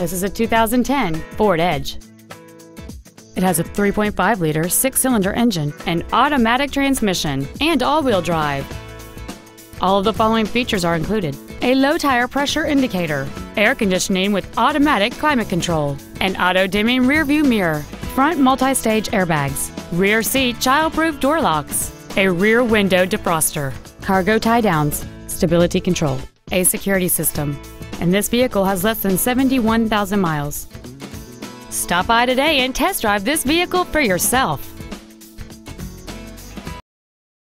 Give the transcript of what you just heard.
This is a 2010 Ford Edge. It has a 3.5-liter six-cylinder engine, an automatic transmission, and all-wheel drive. All of the following features are included. A low tire pressure indicator, air conditioning with automatic climate control, an auto-dimming rearview mirror, front multi-stage airbags, rear seat child-proof door locks, a rear window defroster, cargo tie downs, stability control, a security system, and this vehicle has less than 71,000 miles. Stop by today and test drive this vehicle for yourself.